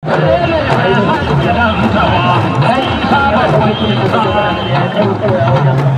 Thank you.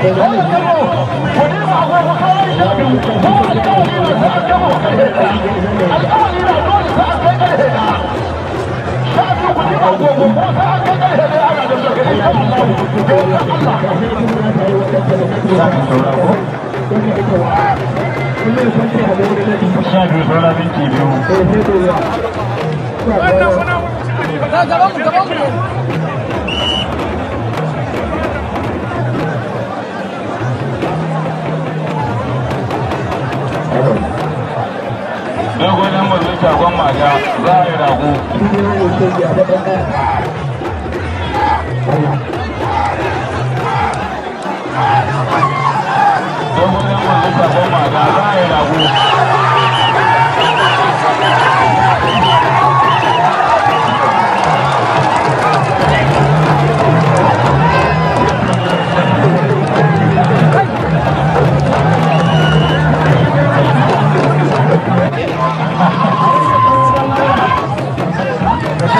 Sha biyu shagon maja za a yi rago dogon yan wanda shagon maja za a yi rago